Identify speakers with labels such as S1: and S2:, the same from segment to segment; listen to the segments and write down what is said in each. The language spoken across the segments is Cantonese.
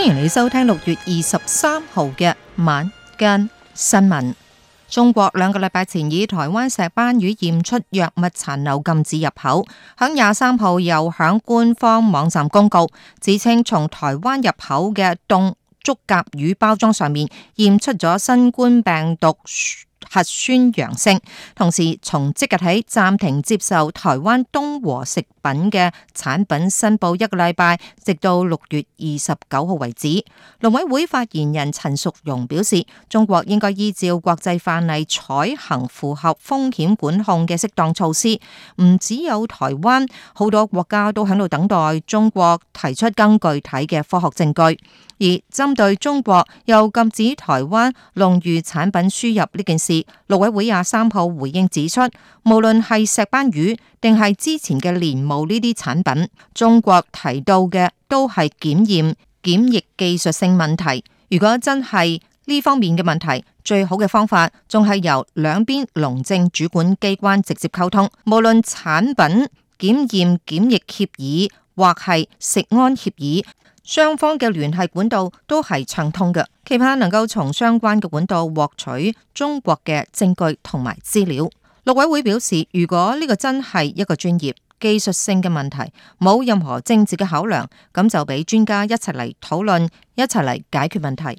S1: 歡迎你收聽六月二十三號嘅晚間新聞。中國兩個禮拜前以台灣石斑魚驗出藥物殘留禁止入口，響廿三號又響官方網站公告，自稱從台灣入口嘅凍竹甲魚包裝上面驗出咗新冠病毒。核酸陽性，同時從即日起暫停接受台灣東和食品嘅產品申報一個禮拜，直到六月二十九號為止。農委會發言人陳淑容表示，中國應該依照國際範例，採行符合風險管控嘅適當措施。唔只有台灣，好多國家都響度等待中國提出更具體嘅科學證據，而針對中國又禁止台灣農漁產品輸入呢件事。陸委會廿三號回應指出，無論係石斑魚定係之前嘅蓮霧呢啲產品，中國提到嘅都係檢驗檢疫技術性問題。如果真係呢方面嘅問題，最好嘅方法仲係由兩邊農政主管機關直接溝通。無論產品檢驗檢疫協議或係食安協議。雙方嘅聯繫管道都係暢通嘅，期盼能夠從相關嘅管道獲取中國嘅證據同埋資料。陸委會表示，如果呢個真係一個專業、技術性嘅問題，冇任何政治嘅考量，咁就俾專家一齊嚟討論，一齊嚟解決問題。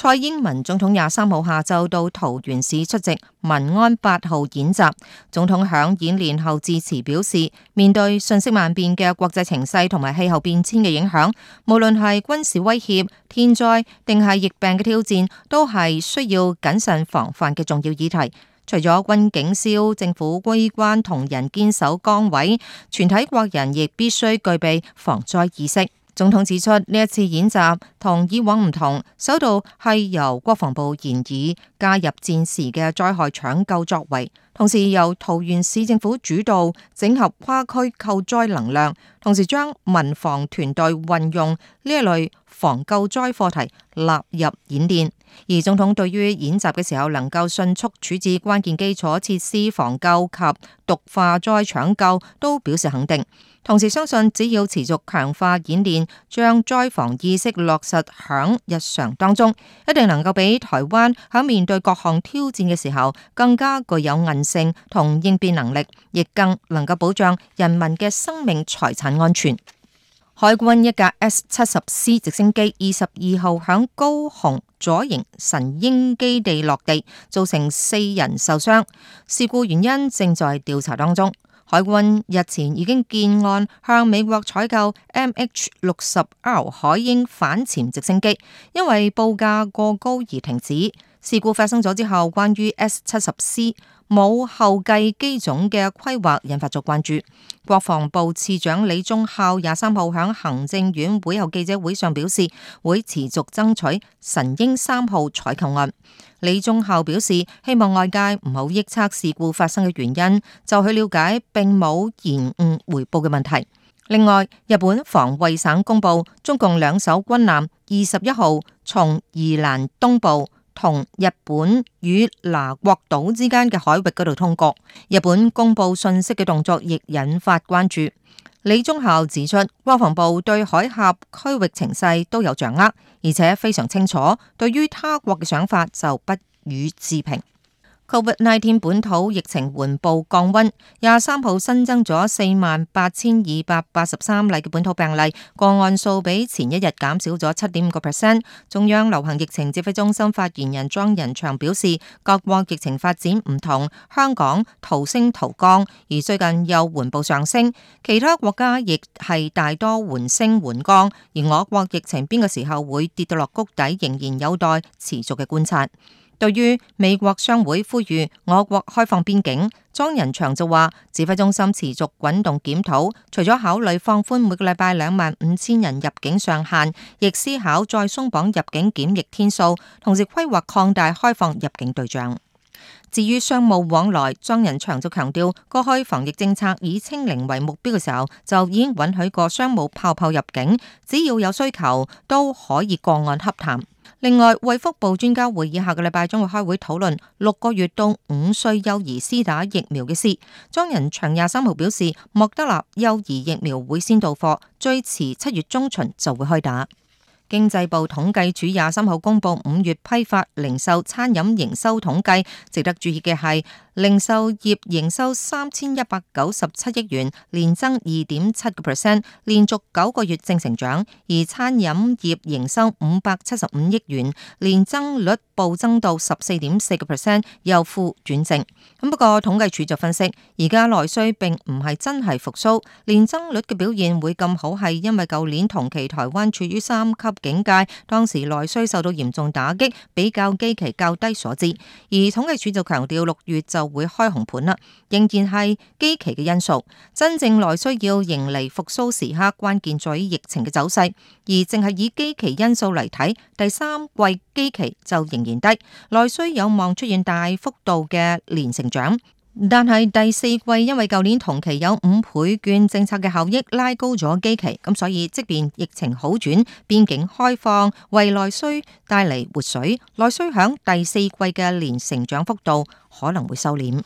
S1: 蔡英文總統廿三號下晝到桃園市出席民安八號演習，總統響演練後致辭表示，面對瞬息萬變嘅國際情勢同埋氣候變遷嘅影響，無論係軍事威脅、天災定係疫病嘅挑戰，都係需要謹慎防範嘅重要議題。除咗軍警消、政府機關同人堅守崗位，全體國人亦必須具備防災意識。總統指出，呢一次演習同以往唔同，首度係由國防部研議加入戰時嘅災害搶救作為，同時由桃園市政府主導整合跨區救災能量，同時將民防團隊運用呢一類防救災課題納入演練。而總統對於演習嘅時候能夠迅速處置關鍵基礎設施防救及毒化災搶救，都表示肯定。同時相信，只要持續強化演練，將災防意識落實響日常當中，一定能夠俾台灣喺面對各項挑戰嘅時候，更加具有韌性同應變能力，亦更能夠保障人民嘅生命財產安全。海軍一架 S 七十 C 直升機二十二號響高雄左營神鷹基地落地，造成四人受傷，事故原因正在調查當中。海軍日前已經建案向美國採購 M H 六十 R 海鷹反潛直升機，因為報價過高而停止。事故發生咗之後，關於 S 七十 C 冇後繼機種嘅規劃引發咗關注。國防部次長李宗孝廿三號喺行政院會後記者會上表示，會持續爭取神鷹三號採購案。李宗孝表示，希望外界唔好臆測事故發生嘅原因，就去了解並冇延誤回報嘅問題。另外，日本防衛省公布中共兩艘軍艦二十一號從宜蘭東部同日本與拿國島之間嘅海域嗰度通過，日本公布信息嘅動作亦引發關注。李宗孝指出，國防部對海峽區域情勢都有掌握，而且非常清楚，對於他國嘅想法就不予置評。COVID-19 本土疫情緩步降溫，廿三號新增咗四萬八千二百八十三例嘅本土病例，個案數比前一日減少咗七點五個 percent。中央流行疫情指揮中心發言人莊人祥表示，各國疫情發展唔同，香港逃升逃降，而最近又緩步上升，其他國家亦係大多緩升緩降，而我國疫情邊個時候會跌到落谷底，仍然有待持續嘅觀察。對於美國商會呼籲我國開放邊境，莊人祥就話：指揮中心持續滾動檢討，除咗考慮放寬每個禮拜兩萬五千人入境上限，亦思考再鬆綁入境檢疫天數，同時規劃擴大開放入境對象。至於商務往來，莊人祥就強調，過去防疫政策以清零為目標嘅時候，就已經允許過商務泡泡入境，只要有需求都可以個案洽談。另外，衛福部專家會議下個禮拜將會開會討論六個月到五歲幼兒施打疫苗嘅事。莊人祥廿三號表示，莫德納幼兒疫苗會先到貨，最遲七月中旬就會開打。經濟部統計處廿三號公布五月批發、零售、餐飲營收統計，值得注意嘅係，零售業營收三千一百九十七億元，年增二點七個 percent，連續九個月正成長；而餐飲業營收五百七十五億元，年增率暴增到十四點四個 percent，由負轉正。咁不過統計處就分析，而家內需並唔係真係復甦，年增率嘅表現會咁好，係因為舊年同期台灣處於三級警戒，當時內需受到嚴重打擊，比較基期較低所致。而統計處就強調六月就會開紅盤啦，仍然係基期嘅因素。真正內需要迎嚟復甦時刻，關鍵在於疫情嘅走勢。而淨係以基期因素嚟睇，第三季基期就仍然低，內需有望出現大幅度嘅連成長。但係第四季，因為舊年同期有五倍券政策嘅效益拉高咗基期，咁所以即便疫情好轉、邊境開放、為內需帶嚟活水，內需響第四季嘅年成長幅度可能會收斂。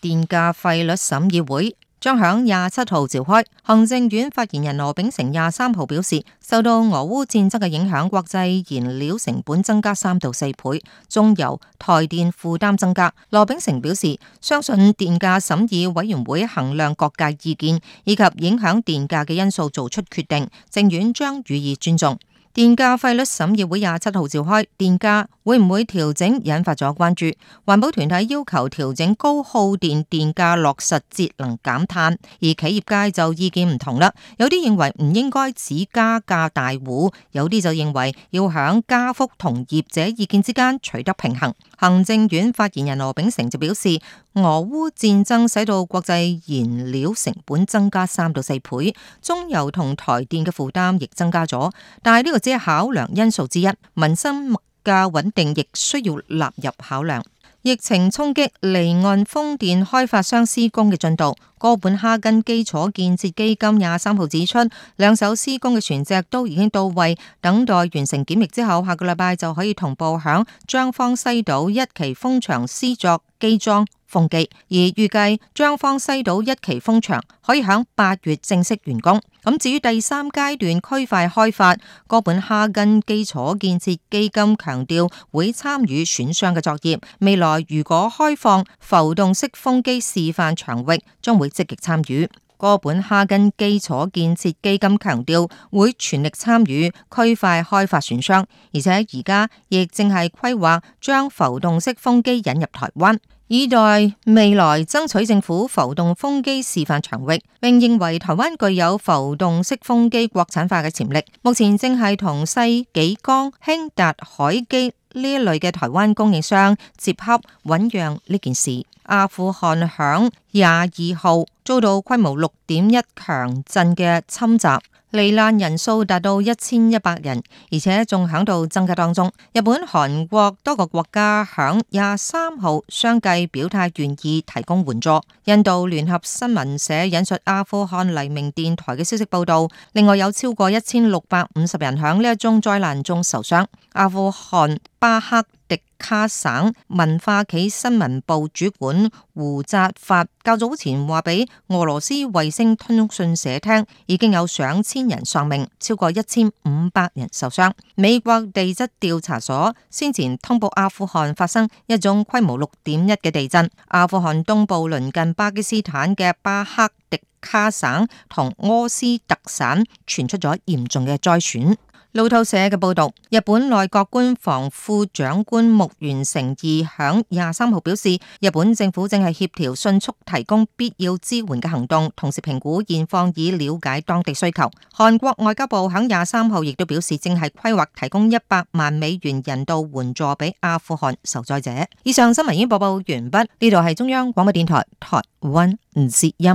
S1: 電價費率審議會。將喺廿七號召開。行政院發言人羅秉成廿三號表示，受到俄烏戰爭嘅影響，國際燃料成本增加三到四倍，中油、台電負擔增加。羅秉成表示，相信電價審議委員會衡量各界意見以及影響電價嘅因素，做出決定，政院將予以尊重。電價費率審議會廿七號召開，電價會唔會調整引發咗關注。環保團體要求調整高耗電電價落實節能減碳，而企業界就意見唔同啦。有啲認為唔應該只加價大戶，有啲就認為要響加幅同業者意見之間取得平衡。行政院發言人羅秉成就表示，俄烏戰爭使到國際燃料成本增加三到四倍，中油同台電嘅負擔亦增加咗，但係呢個只係考量因素之一，民生物價穩定亦需要納入考量。疫情衝擊離岸風電開發商施工嘅進度，哥本哈根基礎建設基金廿三號指出，兩艘施工嘅船隻都已經到位，等待完成檢疫之後，下個禮拜就可以同步喺彰芳西島一期風場施作基樁。風機，而預計彰芳西島一期風場可以喺八月正式完工。咁至於第三階段區塊開發，哥本哈根基礎建設基金強調會參與選商嘅作業。未來如果開放浮動式風機示範場域，將會積極參與。哥本哈根基礎建設基金強調會全力參與區塊開發選商，而且而家亦正係規劃將浮動式風機引入台灣。以待未來爭取政府浮動風機示範場域，并認為台灣具有浮動式風機國產化嘅潛力。目前正係同世紀鋼、興達、海基呢一類嘅台灣供應商接洽，醞釀呢件事。阿富汗響廿二號。遭到規模六點一強震嘅侵襲，罹難人數達到一千一百人，而且仲響度增加當中。日本、韓國多個國家響廿三號相繼表態願意提供援助。印度聯合新聞社引述阿富汗黎明電台嘅消息報道，另外有超過一千六百五十人響呢一宗災難中受傷。阿富汗巴克迪卡省文化企新聞部主管胡扎發較早前話俾俄羅斯衛星通訊社聽，已經有上千人喪命，超過一千五百人受傷。美國地質調查所先前通報阿富汗發生一種規模六點一嘅地震，阿富汗東部鄰近巴基斯坦嘅巴克迪卡省同柯斯特省傳出咗嚴重嘅災損。路透社嘅報道，日本內閣官房副長官木原誠二響廿三號表示，日本政府正係協調迅速提供必要支援嘅行動，同時評估現況以了解當地需求。韓國外交部響廿三號亦都表示，正係規劃提供一百萬美元人道援助俾阿富汗受災者。以上新聞已經播報完畢，呢度係中央廣播電台台灣之音。